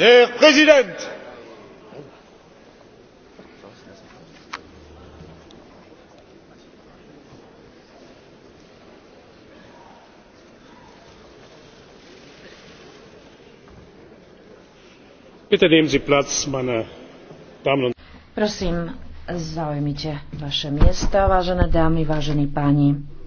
Herr Präsident! Bitte nehmen Sie Platz, meine Damen und Herren. Prosím, zaujmite vaše miesta, vážené dámy, vážení páni.